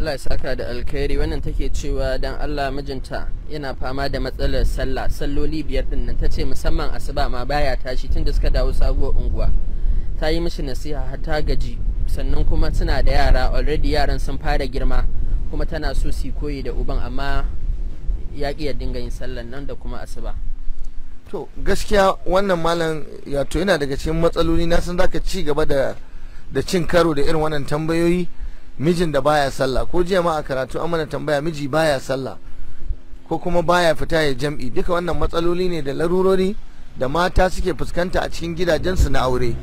Allah ya saka da alkhairi wannan take cewa dan Allah mijinta yana fama da matsalar sallah salloli biyar din nan tace musamman asuba ma baya tashi tun da suka dawo sabuwar unguwa ta yi mishi nasiha har ta gaji sannan kuma suna da yara already yaran sun fara girma kuma tana so su koyi da uban amma ya ya dinga yin sallan nan da kuma asuba to gaskiya wannan malam ya to yana daga cikin matsaloli na san zaka ci gaba da da cin karo da irin wannan tambayoyi mijin da baya sallah ko jiya ma a karatu an mana tambaya miji baya sallah ko kuma baya fita ya jam'i duka wannan matsaloli ne da larurori da mata suke fuskanta a cikin gidajensu na aure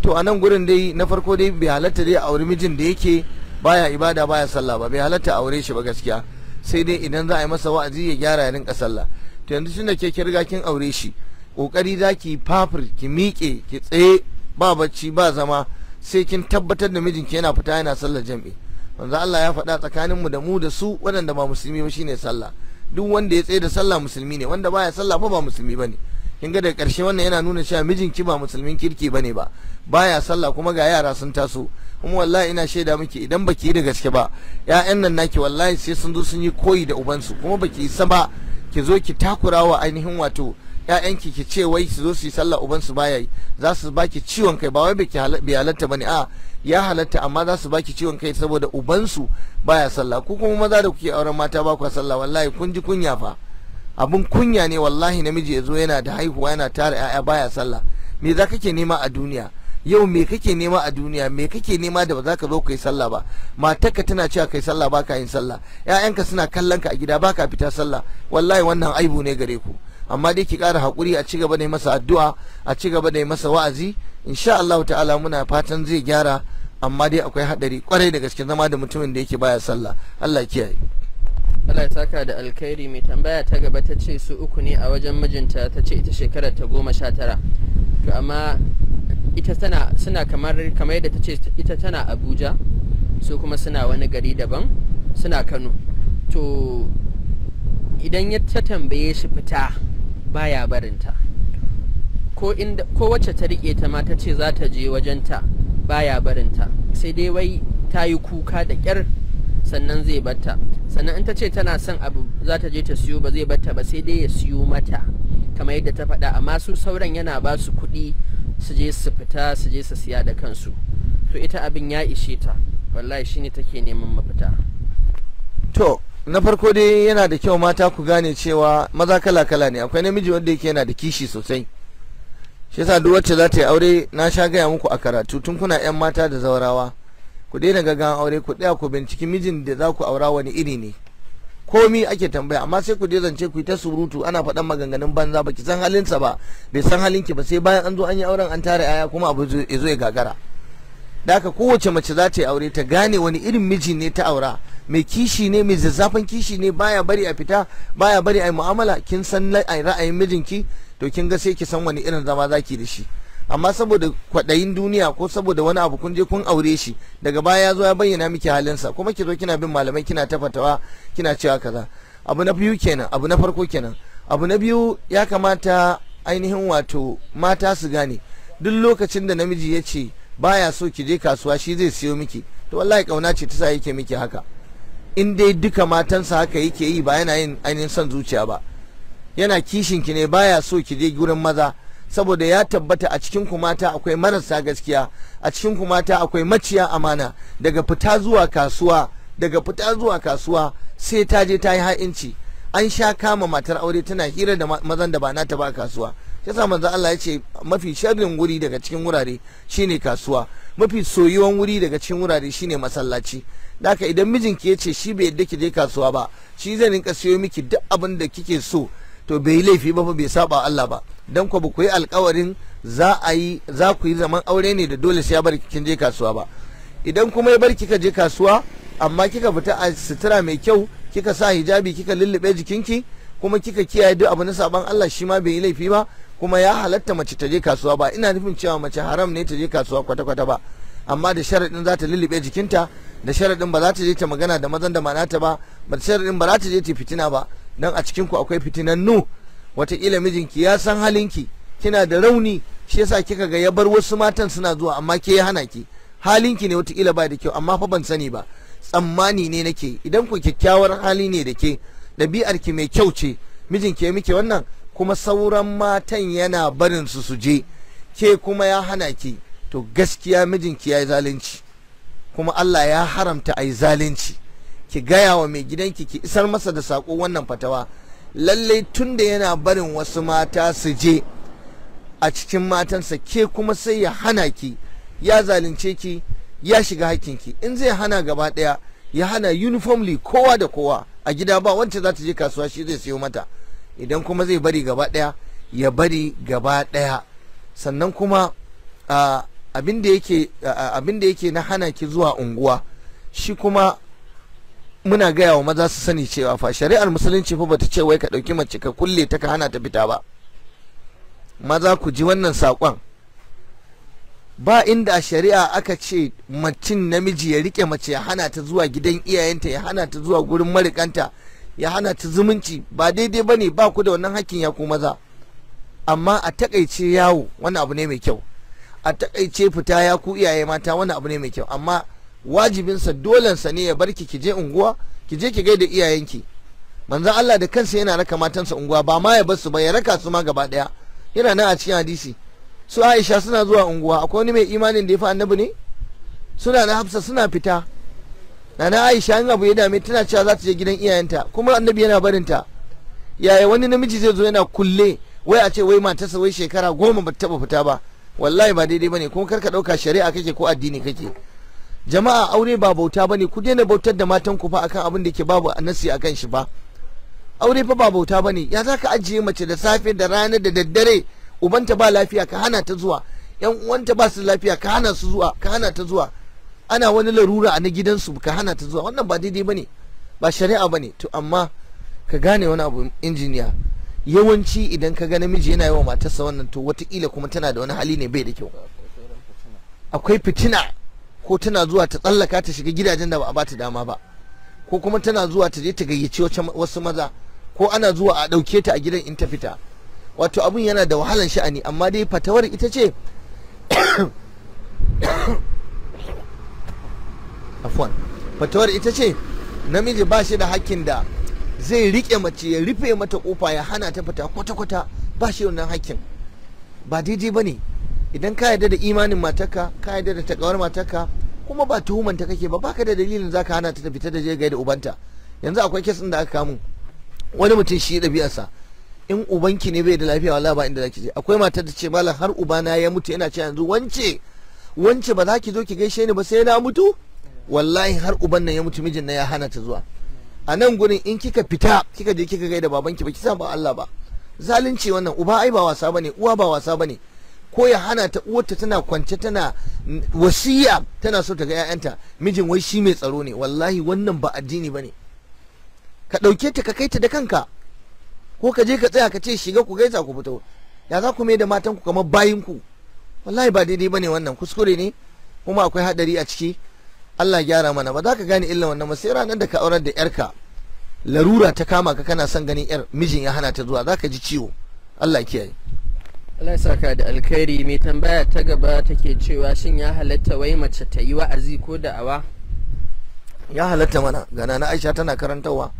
to a nan gurin dai na farko dai bai halatta dai aure mijin da yake baya ibada baya sallah ba bai halatta aure shi ba gaskiya sai dai idan za a yi masa wa'azi ya gyara ya rinka sallah to yanzu tunda ke kirga riga kin aure shi kokari zaki fafir ki miƙe ki tsaye ba bacci ba zama sai kin tabbatar da mijinki yana fita yana sallar jam'i manzo Allah ya faɗa tsakanin mu da mu da su waɗanda ba musulmi ba shine sallah duk wanda ya tsaye da sallah musulmi ne wanda baya sallah fa ba musulmi bane kin ga daga ƙarshe wannan yana nuna cewa mijinki ba musulmin kirki bane ba baya sallah kuma ga yara sun taso kuma wallahi ina shaida miki idan baki yi da gaske ba ƴaƴan nan naki wallahi sai sun zo sun yi koyi da ubansu kuma baki yi ba ki zo ki takurawa ainihin wato ƴaƴanki ki ce wai su zo su yi sallah uban su baya yi za su baki ciwon kai ba wai bai halatta bane a ya halatta amma za su baki ciwon kai saboda uban su baya sallah ku kuma maza da kuke auren mata ba ku sallah wallahi kun ji kunya fa abun kunya ne wallahi namiji ya zo yana da haihuwa yana tara ƴaƴa baya sallah me za kake nema a duniya yau me kake nema a duniya me kake nema da ba za ka zo ka yi sallah ba matarka tana cewa kai sallah baka yin sallah ƴaƴanka suna kallon ka a gida baka fita sallah wallahi wannan aibu ne gare ku amma dai ki ƙara haƙuri a cigaba da masa addu'a a cigaba da masa wa'azi insha Allah ta'ala muna fatan zai gyara amma dai akwai haɗari kwarai da gaske zama da mutumin da yake baya sallah Allah kiyaye Allah ya saka da alkhairi mai tambaya ta gaba ta ce su uku ne a wajen mijinta ta ce ita shekarar ta goma sha tara to amma ita tana suna kamar kamar yadda ta ce ita tana Abuja su kuma suna wani gari daban suna Kano to idan ya ta tambaye shi fita baya barinta ko wacce ta rike ta ma ta ce za ta je wajenta baya barinta sai dai wai ta yi kuka da ƙyar sannan zai batta sannan in ta ce tana son abu za ta je ta siyo ba zai batta ba sai dai ya siyo mata kamar yadda ta faɗa amma su sauran yana ba su kuɗi su je su fita su je su siya da kansu to ita abin ya ishe ta wallahi shine take neman mafita to na farko dai yana da kyau mata ku gane cewa maza kala kala ne akwai namiji wanda yake yana da kishi sosai shi yasa duk wacce za ta yi aure na sha gaya muku a karatu tun kuna yan mata da zaurawa ku daina gaggawan aure ku tsaya ku binciki mijin da za ku aura wani iri ne komi ake tambaya amma sai ku je zance ku yi ta surutu ana faɗan maganganun banza baki san halinsa ba bai san halinki ba sai bayan an zo an yi auren an tara yaya kuma abu ya zo ya gagara da haka kowace mace za ta yi aure ta gane wani irin miji ne ta aura mai kishi ne mai zazzafan kishi ne baya bari a fita baya bari a yi mu'amala kin san ra'ayin mijinki to kin ga sai ki san wani irin zama zaki da shi amma saboda kwaɗayin duniya ko saboda wani abu kun je kun aure shi daga baya ya zo ya bayyana miki halin sa. kuma ki zo kina bin malamai kina tafatawa kina cewa kaza abu na biyu kenan abu na farko kenan abu na biyu ya kamata ainihin wato mata su gane duk lokacin da namiji ya ce baya so ki je kasuwa shi zai siyo miki to wallahi kauna ce ta sa yake miki haka in dai duka matansa haka yake yi ba yana yin ainihin son zuciya ba yana kishin ki ne baya so ki je gurin maza saboda ya tabbata a cikin ku mata akwai marasa gaskiya a cikin ku mata akwai maciya amana daga fita zuwa kasuwa daga fita zuwa kasuwa sai ta je ta yi ha'inci an sha kama matar aure tana hira da mazan da ba nata ba kasuwa sa manzo Allah ya ce mafi sharrin wuri daga cikin wurare shine kasuwa mafi soyuwan wuri daga cikin wurare shine masallaci daka idan mijinki ya ce shi bai yadda ki je kasuwa ba shi zai rinka siyo miki duk abin da kike so to bai yi laifi ba fa bai saba Allah ba dan ku ku yi alkawarin za a yi za ku yi zaman aure ne da dole sai ya bar kin je kasuwa ba idan kuma ya bar ka je kasuwa amma kika fita a sutura mai kyau kika sa hijabi kika lullube jikinki kuma kika kiyaye duk abu na saban Allah shi ma bai yi laifi ba kuma ya halatta mace ta je kasuwa ba ina nufin cewa mace haram ne ta je kasuwa kwata-kwata ba amma da sharaɗin za ta lullube jikinta da sharaɗin ba za ta je ta magana da mazan da manata ba ba da sharaɗin ba za ta je ta fitina ba Don a cikin ku akwai fitinan fitinannu wataƙila mijinki ya san halinki kina da rauni shi yasa kika ga ya bar wasu matan suna zuwa amma ke ya hana ki halinki ne wataƙila ba da kyau amma fa ban sani ba tsammani ne nake idan ku kyakkyawar hali ne da ke ɗabi'arki mai kyau ce mijinki ya miki wannan kuma sauran matan yana barin su su je ke kuma ya hana ki to gaskiya mijinki ya yi zalunci kuma Allah ya haramta a yi zalunci ki gaya wa mai gidanki ki isar masa da saƙo wannan fatawa lallai tun da yana barin wasu mata su je a cikin matansa ke kuma sai ya hana ki ya zalunce ki ya shiga hakkinki in zai hana gaba ɗaya ya hana uniformly kowa da kowa a gida ba wacce za ta je kasuwa shi zai sayo mata idan kuma zai bari gaba ɗaya ya bari gaba ɗaya sannan kuma abin da yake na hana ki zuwa unguwa shi kuma muna gaya wa maza su sani cewa fa shari'ar musulunci fa bata ce wai ka ɗauki mace ka kulle ta ka hana ta fita ba maza ku ji wannan saƙon ba inda a shari'a aka ce macin namiji ya rike mace ya hana ta zuwa gidan iyayenta ya hana ta zuwa gurin marikanta ya hana ta zumunci ba daidai ba ne ba ku da wannan hakkin ya ku maza amma a takaice yawo wani abu ne mai kyau a takaice fita ya ku iyaye mata wani abu ne mai kyau amma wajibinsa dolensa ne ya barki ki je unguwa ki je ki gaida iyayenki manzan Allah da kansa yana raka matansa unguwa ba ma ya basu ba ya raka su ma gaba daya yana nan a cikin hadisi su Aisha suna zuwa unguwa akwai wani mai imanin da ya fi annabi ne suna na Hafsa suna fita nana aisha in abu ya dame tana cewa za ta je gidan iyayenta kuma annabi yana barin ta yaya wani namiji zai zo yana kulle wai a ce wai matarsa wai shekara goma ba taba fita ba wallahi ba daidai bane kuma karka dauka shari'a kake ko addini kake jama'a aure ba bauta bane ku daina bautar da matan ku fa akan abin da ke babu nasi akan shi ba aure fa ba bauta bane ya ka ajiye mace da safe da rana da daddare ubanta ba lafiya ka hana ta zuwa yan uwanta ba su lafiya ka hana su ka hana ta zuwa ana wani larura a na gidansu ka hana ta zuwa wannan ba daidai ba ne, ba shari'a ba ne. to amma ka gane wani abu injiniya yawanci idan ka ga namiji yana yi wa matarsa wannan to wataƙila kuma tana da wani hali ne bai da kyau akwai fitina ko tana zuwa ta tsallaka ta shiga gidajen da ba a bata dama ba ko kuma tana zuwa ta je ta gayyaci wasu maza ko ana zuwa a ɗauke ta a gidan in ta fita wato abun yana da wahalan sha'ani amma dai fatawar ita ce afwan fatawar ita ce namiji ba shi da hakkin da zai rike mace ya rufe mata kofa ya hana ta fita kwata-kwata ba shi wannan hakkin ba daidai ba ne idan ka yarda da imanin matarka ka yarda da takawar matarka kuma ba tuhumanta kake ba baka da dalilin za ka hana ta fita da je da ubanta yanzu akwai kesin da aka kamu wani mutum shi ɗabi'arsa in ubanki ne bai da lafiya wallahi ba inda zaki je akwai matar da ce malam har ubana ya mutu yana ce yanzu wance wance ba za ki zo ki gaishe ni ba sai na mutu wallahi har uban nan ya mutu mijin na ya hana ta zuwa a nan gurin in kika fita kika je kika gaida babanki ba ki sa ba Allah ba zalunci wannan uba ai ba wasa bane uwa ba wasa bane ko ya hana ta uwarta tana kwance tana wasiya tana so ta ga 'ya'yanta mijin wai shi mai tsaro ne wallahi wannan ba addini bane ka ɗauketa ta ka kai ta da kanka ko ka je ka tsaya ka ce shiga ku gaisa ku fito ya za ku mai da matan ku kamar bayin ku wallahi ba daidai bane wannan kuskure ne kuma akwai hadari a ciki Allah gyara mana ba za ka gane illa wannan ba sai ranar da ka aurar da yarka larura ta kama ka kana son ganin yar mijin ya hana ta zuwa za ka ji ciwo Allah kiyaye Allah saka da alkhairi mai tambaya ta gaba take cewa shin ya halatta wai mace ta yi wa'azi ko da'awa ya halatta mana ga na Aisha tana karantarwa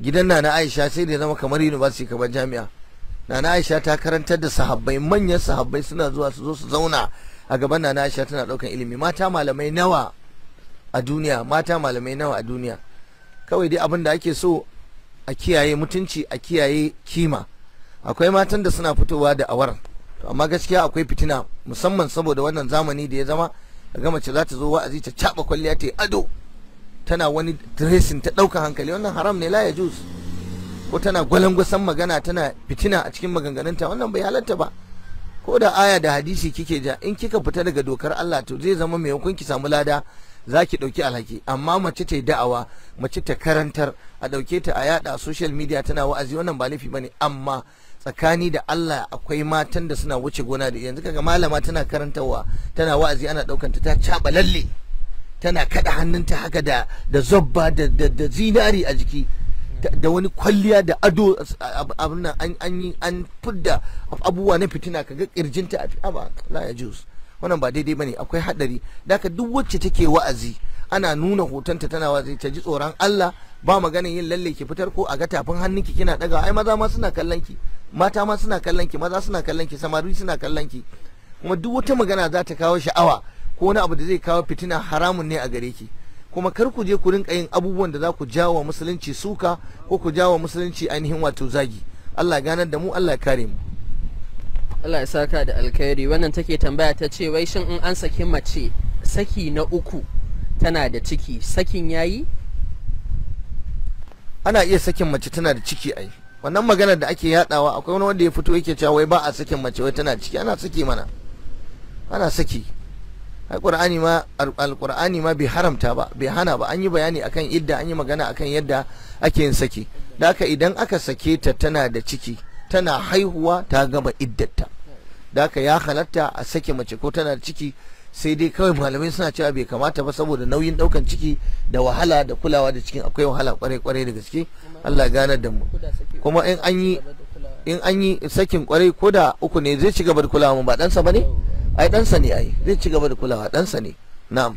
gidan na Aisha sai da zama kamar university kamar jami'a Nana Aisha ta karantar da sahabbai manyan sahabbai suna zuwa su zo su zauna a gaban Nana Aisha tana daukan ilimi mata malamai nawa a duniya mata malamai nawa a duniya kawai dai abin da ake so a kiyaye mutunci a kiyaye kima akwai matan da suna fitowa da awar to amma gaskiya akwai fitina musamman saboda wannan zamani da ya zama gama ce za ta zo wa'azi ta caba kwalliya ta yi ado tana wani dressing ta ɗauka hankali wannan haram ne la ya jus ko tana gwalangwasan magana tana fitina a cikin maganganunta wannan bai halatta ba ko da aya da hadisi kike ja in kika fita daga dokar Allah to zai zama mai hukun samu lada za ki ɗauki alhaki amma mace ta yi da'awa mace ta karantar a ɗauke ta a yada social media tana wa'azi wannan ba laifi ne. amma tsakani da Allah akwai matan da suna wuce gona da yanzu kaga malama tana karantarwa tana wa'azi ana ɗaukan ta ta caɓa lalle tana kaɗa hannunta haka da da zobba da, da zinari a jiki da wani kwalliya da ado abin nan an an fidda abubuwa na fitina kaga kirjinta a ba la ya juice wannan ba daidai bane akwai hadari daka duk wacce take wa'azi ana nuna hotonta tana wa'azi ta ji tsoron Allah ba maganin yin lalle ki fitar ko a ga tafin hannunki kina daga ai maza ma suna kallon ki mata ma suna kallon ki maza suna kallon ki samari suna kallon ki kuma duk wata magana za ta kawo sha'awa ko wani abu da zai kawo fitina haramun ne a gare ki kuma kar ku je ku rinka yin abubuwan da za ku jawo musulunci suka ko ku jawo musulunci ainihin wato zagi Allah ganar da mu Allah ya kare mu Allah ya saka da alkhairi wannan take tambaya ta ce wai shin in an saki mace saki na uku tana da ciki sakin yayi ana iya sakin mace tana da ciki ai wannan magana da ake yadawa akwai wani wanda ya fito yake cewa wai ba a sakin mace wai tana ciki ana saki mana ana saki qur'ani ma alqur'ani ma bai haramta ba bai hana ba an yi bayani akan idda an yi magana akan yadda ake yin saki da haka idan aka sake ta tana da ciki tana haihuwa ta gama iddata da haka ya halatta a sake mace ko tana ciki sai dai kawai malamai suna cewa bai kamata ba saboda nauyin daukan ciki da wahala da kulawa da cikin akwai wahala kwarai kwarai da gaske Allah gane da mu kuma in an yi in an yi sakin kwarai ko da uku ne zai ci gaba da kulawa ba dansa ba ne ai dansa ne ai zai ci gaba da kulawa dansa ne na'am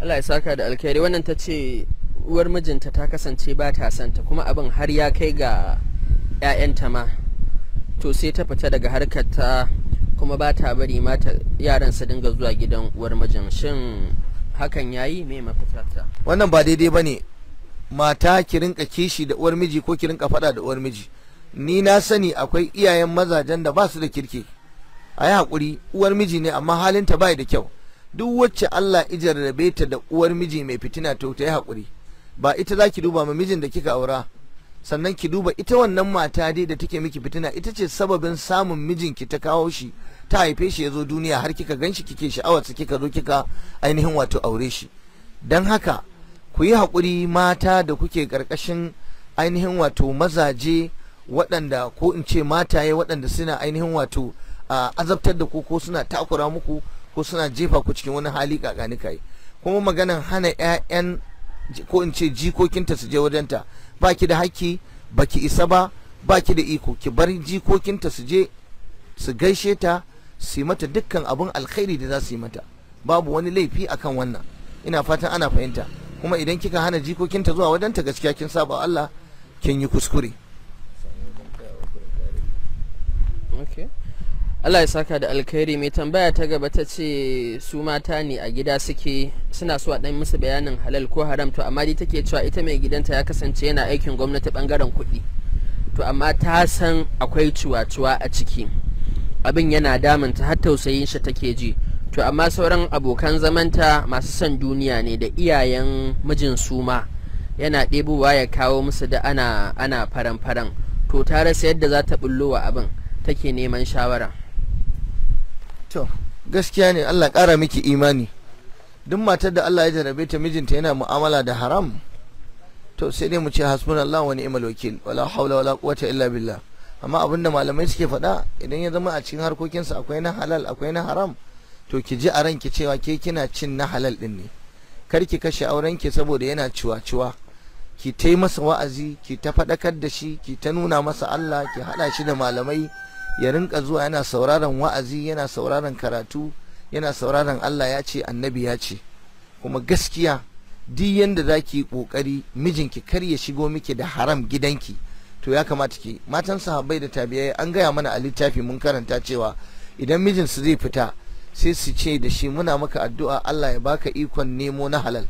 Allah ya saka da alkhairi wannan ta ce uwar mijinta ta kasance ba ta santa kuma abin har ya kai ga 'ya'yanta ma to sai ta fita daga harkar ta kuma ba ta bari mata yaran su dinga zuwa gidan uwar mijin shin hakan yayi me mafita ta wannan ba daidai bane mata ki rinka kishi da uwar miji ko ki rinka fada da uwar miji ni na sani akwai iyayen mazajen da ba su da kirki a yi haƙuri uwar miji ne amma halin halinta bai da kyau duk wacce Allah jarrabe ta da uwar miji mai fitina to ta yi haƙuri ba ita za ki duba mijin da kika aura sannan ki duba ita wannan mata dai da take miki fitina ita ce sababin samun mijinki ta kawo shi ta haife shi ya zo duniya har kika ganshi kike sha'awarsa kika zo kika ainihin wato aure shi don haka ku yi haƙuri mata da kuke ƙarƙashin ainihin wato mazaje waɗanda ko in ce mataye waɗanda suna ainihin wato azabtar da ku ko suna takura muku ko suna jefa ku cikin wani hali kakani kai kuma maganan hana 'ya'yan ko in ce jikokinta su je wajenta baki da haƙƙi baki isa ba baki da iko ki bar jikokinta su je su gaishe ta su yi mata dukkan abin alkhairi da za su yi mata babu wani laifi akan wannan ina fatan ana fahimta kuma idan kika hana jikokinta zuwa ta gaskiya kin saba Allah kin yi kuskure Allah ya saka da alkhairi mai tambaya ta gaba ta ce su mata ne a gida suke suna so a dan musu bayanin halal ko haram to amma dai take cewa ita mai gidanta ya kasance yana aikin gwamnati bangaren kuɗi to amma ta san akwai cuwa-cuwa a ciki abin yana damunta har tausayin shi take ji to amma sauran abokan zamanta masu son duniya ne da iyayen mijin su ma yana ɗebowa ya kawo musu da ana ana faran-faran to ta rasa yadda za ta bullo abin take neman shawara to gaskiya ne Allah ƙara miki imani duk matar da Allah ya jarabe ta mijinta yana mu'amala da haram to sai dai mu ce hasbunallah wa ni'mal wakil wala hawla wala quwwata illa billah amma abin da malamai suke faɗa idan ya zama a cikin harkokin sa akwai na halal akwai na haram to ki ji a ranki cewa ke kina cin na halal din ne kar ki kashe auren ki saboda yana ciwa-ciwa ki ta masa wa'azi ki ta faɗakar da shi ki ta nuna masa Allah ki haɗa shi da malamai ya rinka zuwa yana sauraron wa'azi yana sauraron karatu yana sauraron Allah ya ce annabi ya ce kuma gaskiya duk yanda za ki yi ƙoƙari mijinki kar ya shigo miki da haram gidanki to ya kamata ki matan sahabbai da tabiyai an gaya mana a littafi mun karanta cewa idan mijinsu zai fita sai su ce da shi muna maka addu'a Allah ya baka ikon nemo na halal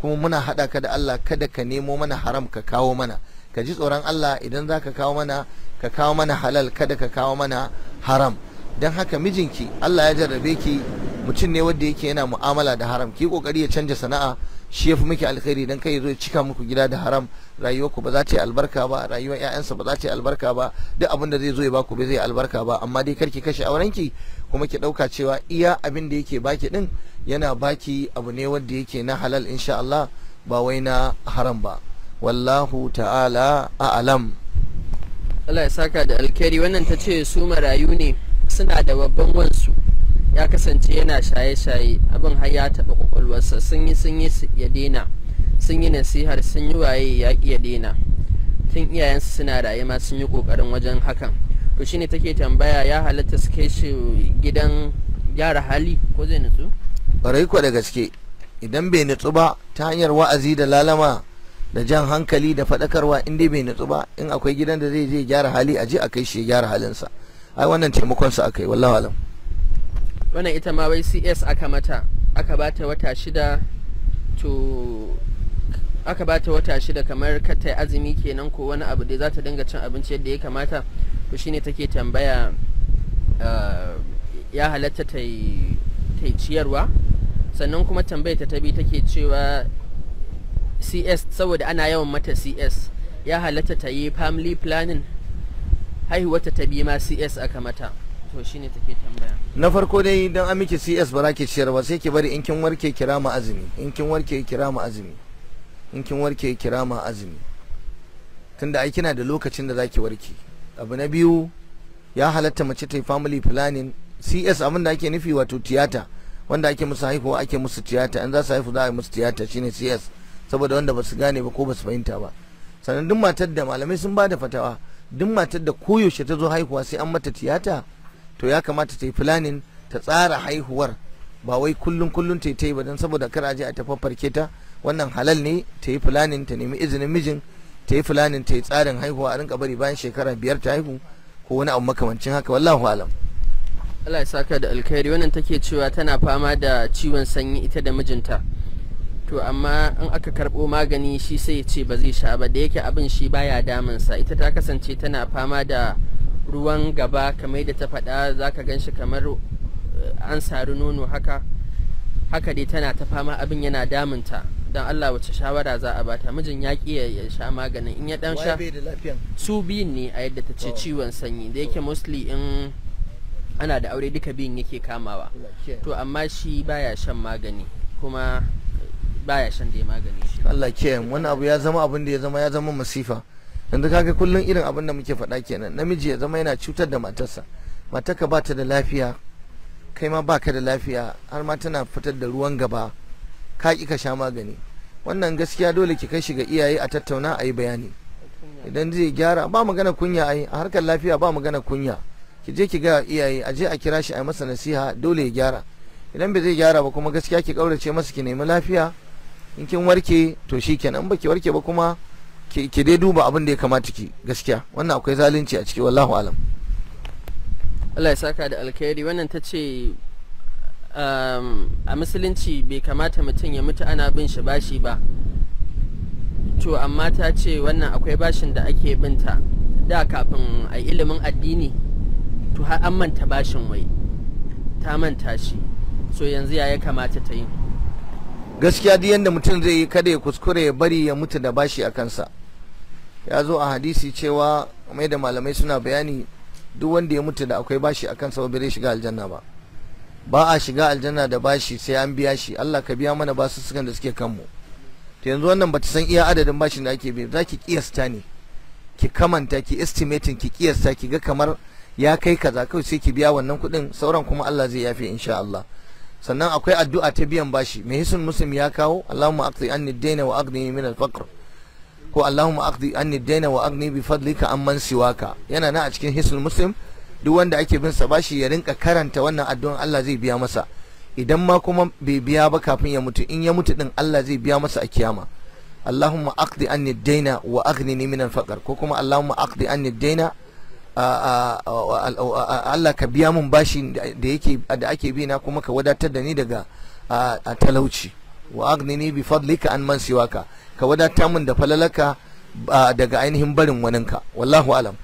kuma muna haɗa ka da Allah kada ka nemo mana haram ka kawo mana ka ji tsoron Allah idan za ka kawo mana ka kawo mana halal kada ka kawo mana haram don haka mijinki Allah ya jarrabe ki mutum ne wanda yake yana mu'amala da haram ki kokari ya canja sana'a shi ya fi miki alkhairi dan kai zo cika muku gida da haram rayuwar ku ba za ta yi albarka ba rayuwar ƴaƴansa ba za ta yi albarka ba duk abin da zai zo ya baku ba zai albarka ba amma dai kar ki kashe aurenki kuma ki ɗauka cewa iya abin da yake baki din yana baki abu ne wanda yake na halal insha Allah ba wai na haram ba wallahu ta'ala a a'lam Allah ya saka da alkhairi wannan ta ce su marayu ne suna da babban wansu ya kasance yana shaye-shaye abin har ya taɓa kwakwalwarsa sun yi sun yi ya dena sun yi nasihar sun yi waye ya ƙi ya dena tun iyayensu suna raye ma sun yi ƙoƙarin wajen hakan to shine take tambaya ya halatta su kai shi gidan gyara hali ko zai nutsu kwa da gaske idan bai nutsu ba ta hanyar wa'azi da lalama da jan hankali da faɗakarwa in dai bai nutsu ba in akwai gidan da zai je gyara hali a je a kai shi gyara halinsa ai wannan taimakon sa akai wallahi alam wannan ita ma wai CS aka mata aka bata wata shida to aka bata wata shida kamar kata azumi kenan ko wani abu da za ta dinga cin abinci yadda ya kamata to shine take tambaya eh, ya halatta ta yi ciyarwa sannan kuma tambayar ta tabi take cewa cs saboda ana yawan mata cs ya halatta ta yi family planning haihuwata ta biyu ma cs aka mata to shine take tambaya na farko dai don an miki cs ba za ki ciyar ba sai ki bari in kin warke kira ma azumi in kin warke kira ma azumi in kin warke kira ma azumi tunda ai kina da lokacin da za ki warke abu na biyu ya halatta mace ta yi family planning cs abin da ake nufi wato tiyata wanda ake musu haihuwa ake musu tiyata in za su haihu za a yi musu tiyata shine cs saboda wanda ba su gane ba ko ba su fahimta ba sannan duk matar da malamai sun ba da fatawa duk matar da koyaushe ta zo haihuwa sai an mata tiyata to ya kamata ta yi filanin ta tsara haihuwar ba wai kullum kullum ta yi ba don saboda kar a je a tafafarke ta wannan halal ne ta yi filanin ta nemi izinin mijin ta yi filanin ta yi tsarin haihuwa a rinka bari bayan shekara biyar ta haihu ko wani abu makamancin haka wallahu alam Allah ya saka da alkhairi wannan take cewa tana fama da ciwon sanyi ita da mijinta to amma in aka karbo magani shi sai ya ce ba zai sha ba da yake abin shi baya damunsa ita ta kasance tana fama da ruwan gaba kamar da ta faɗa za ka gan kamar eh, an sari nono haka haka dai tana ta fama abin yana ta don Allah wace shawara za a bata mijin ya ki ya sha maganin in ya dan sha su biyun ne a yadda ta ce oh. ciwon sanyi da yake oh. mostly in ana da aure duka biyun yake kamawa to amma shi baya shan magani kuma baya shan da magani Allah ke wani abu ya zama abin da ya zama ya zama masifa yanzu kaga kullum irin abin da muke faɗa kenan namiji ya zama yana cutar da matarsa matarka ba ta da lafiya kai ma baka da lafiya har ma tana fitar da ruwan gaba ka ki ka sha magani wannan gaskiya dole ki kai shi ga iyaye a tattauna a yi bayani idan zai gyara ba magana kunya ai a harkar lafiya ba magana kunya ki je ki ga iyaye a je a kira shi a yi masa nasiha dole ya gyara idan bai zai gyara ba kuma gaskiya ki kaurace masa ki nemi lafiya in kin warke to shikenan ba baki warke ba kuma ki dai duba abin da ya kamata ki gaskiya wannan akwai zalunci a ciki wallahu alam Allah ya saka da alkhairi wannan ta ce um, a musulunci bai kamata mutum ya mutu ana bin shi bashi ba to amma ta ce wannan akwai bashin da ake binta da kafin a ilimin addini to har an manta bashin wai ta manta shi so yanzu ya kamata ta yi gaskiya duk yanda mutum zai yi kada ya kuskure ya bari ya mutu da bashi a kansa ya zo a hadisi cewa mai da malamai suna bayani duk wanda ya mutu da akwai bashi a kansa ba zai shiga aljanna ba ba a shiga aljanna da bashi sai an biya shi Allah ka biya mana basu sukan da suke kanmu to yanzu wannan bata san iya adadin bashin da ake biya zaki kiyasta ne ki kamanta ki estimating ki kiyasta ki ga kamar ya kai kaza kawai sai ki biya wannan kuɗin sauran kuma Allah zai yafe insha Allah sannan akwai addu'a ta biyan bashi mai hisun muslim ya kawo Allahumma aqdi anni daina wa agni min al-faqr ko Allahumma aqdi anni daina wa agni bi fadlika amman siwaka yana na a cikin hisun muslim duk wanda ake bin sa bashi ya rinka karanta wannan addu'an Allah zai biya masa idan ma kuma bai biya ba kafin ya mutu in ya mutu din Allah zai biya masa a kiyama Allahumma aqdi anni daina wa agni min al-faqr ko kuma Allahumma aqdi anni daina Allah ka biya mun bashin da ake bi na kuma ka wadatar da ni daga talauci wa agnini bi fadlika an man siwaka ka wadata mun da falalaka daga ainihin barin waninka wallahu alam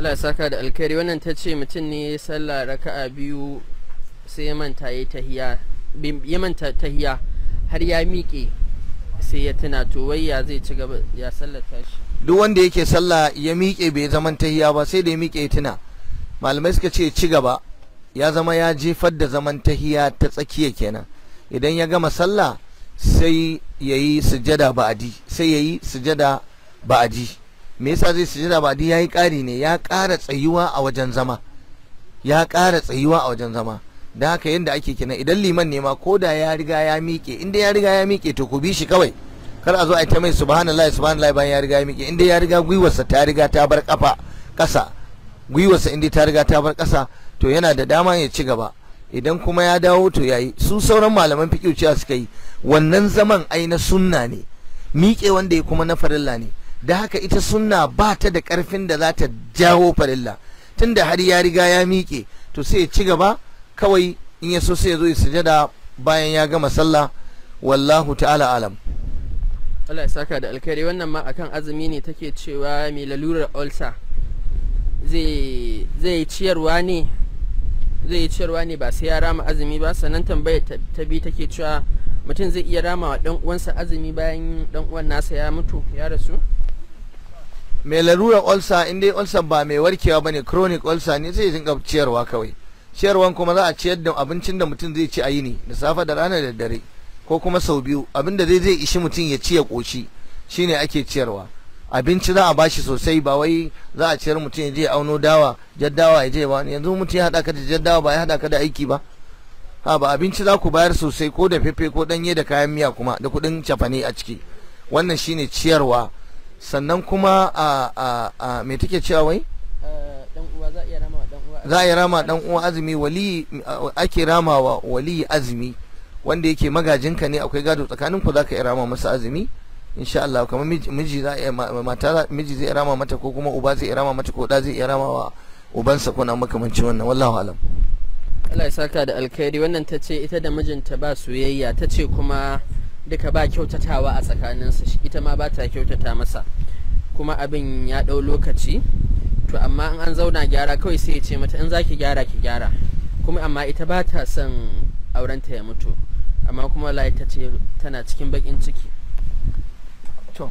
Allah ya saka da alkhairi wannan ta ce mutum ne ya sallah raka'a biyu sai ya manta tahiya ya manta tahiya har ya miƙe sai ya tuna to wai ya zai ci gaba ya sallata shi duk wanda yake sallah ya miƙe bai zaman tahiya ba sai da ya miƙe tuna malamai suka ce ci gaba ya zama ya jefar da zaman tahiya ta tsakiya kenan idan ya gama sallah sai yayi sujada ba'adi sai yi sujada ba'adi me yasa zai sujada ba'adi yayi ƙari ne ya ƙara tsayuwa a wajen zama ya ƙara tsayuwa a wajen zama da haka yadda ake kenan idan liman ne ma ko da ya riga ya miƙe inda ya riga ya miƙe to ku bi shi kawai kar a zo a yi ta mai subhanallahi subhanallahi bayan ya riga ya miƙe inda ya riga gwiwarsa ta riga ta bar kafa ƙasa gwiwarsa inda ta riga ta bar ƙasa to yana da dama ya ci gaba idan kuma ya dawo to yayi su sauran malaman fiqh cewa suka yi wannan zaman ai na sunna ne miƙe wanda ya kuma na farilla ne da haka ita sunna ba ta da ƙarfin da za ta jawo farilla tunda har ya riga ya miƙe to sai ya ci gaba kawai in ya so sai ya zo ya sujada bayan ya gama sallah wallahu ta'ala alam Allah ya saka da alkhairi wannan ma akan azumi ne take cewa mai lalurar ulcer zai ciyarwa ne zai ciyarwa ne ba sai ya rama azumi ba sannan tambayar ta biyu take cewa mutum zai iya rama wa dan uwansa azumi bayan dan uwan nasa ya mutu ya rasu mai larurar ulcer in dai ulcer ba mai warkewa bane chronic ulcer ne zai dinga ciyarwa kawai ciyarwan kuma za a ciyar da abincin da mutum zai ci a yi yini da safe da rana da dare ko kuma sau biyu abinda dai zai ishi mutum ya ci ya ƙoshi shine ake ciyarwa abinci za a bashi sosai ba wai za a ciyar mutum ya je ya auno dawa jaddawa ya je ba yanzu mutum ya haɗa ka da jaddawa ba ya haɗa ka da aiki ba ha ba abinci za ku bayar sosai ko da fefe ko ɗanye da kayan miya kuma da kuɗin cafane a ciki wannan shine ciyarwa sannan kuma a a a me take cewa wai eh, za a iya rama dan uwa azumi wali ake ramawa wali azumi wanda yake magajinka ne akwai gado tsakanin ku zaka irama masa azumi insha Allah kamar miji za mata miji zai irama mata ko kuma uba zai irama mata ko da zai irama wa ubansa ko na makamancin wannan wallahi alam Allah ya saka da alkhairi wannan ta ce ita da mijinta ba soyayya ta ce kuma duka ba kyautatawa a tsakanin su ita ma ba ta kyautata masa kuma abin ya ɗau lokaci to amma in an zauna gyara kawai sai ya ce mata in za ki gyara ki gyara kuma amma ita ba ta son ta ya mutu amma kuma layi ta ce tana cikin bakin ciki to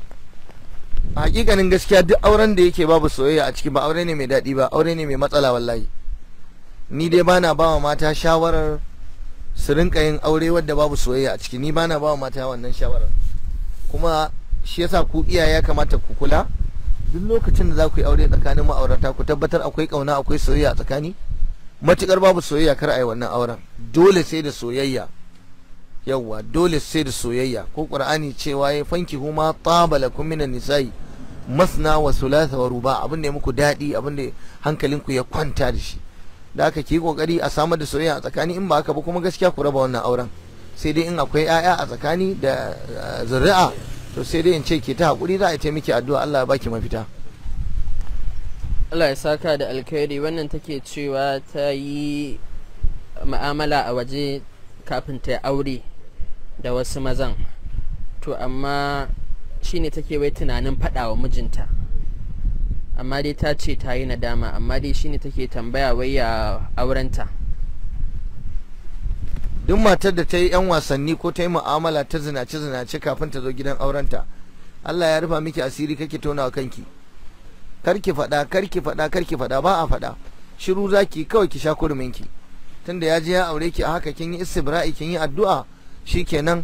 a hakikanin gaskiya duk auren da yake babu soyayya a ciki ba aure ne mai daɗi ba aure ne mai matsala wallahi ni dai bana ba wa mata shawarar su rinka yin aure wadda babu soyayya a ciki ni bana ba wa mata wannan shawarar kuma shi yasa ku iyaye ya kamata ku kula duk lokacin da za ku yi aure tsakanin ma'aurata ku tabbatar akwai kauna akwai soyayya a tsakani matukar babu soyayya kar a yi wannan auren dole sai da soyayya yawwa dole sai da soyayya ko qur'ani cewa ya fanki huma tabalakum minan nisa'i masna wa thulatha wa ruba abin da ya muku dadi abin da hankalinku ya kwanta da shi da aka ki kokari a samar da soyayya a tsakani in ba haka ba kuma gaskiya ku raba wannan auren sai dai in akwai 'ya'ya a tsakani da eh, zuri'a to sai dai in ce ke ta hakuri za a taimaki addu'a Allah ya baki mafita Allah ya saka da alkhairi wannan take cewa ta yi ma'amala a waje kafin ta aure da wasu mazan to amma shine take wai tunanin faɗawa wa mijinta amma dai ta ce ta yi nadama amma dai shine take tambaya wai ya aurenta duk matar da ta yi 'yan wasanni ko ta yi mu'amala ta zinace zinace kafin ta zo gidan aurenta Allah ya rufa miki asiri kake tona kanki karki faɗa karki faɗa karki faɗa ba a faɗa shiru zaki kawai ki sha kurminki tunda ya je ya aure ki a haka kin yi istibra'i kin yi addu'a shikenan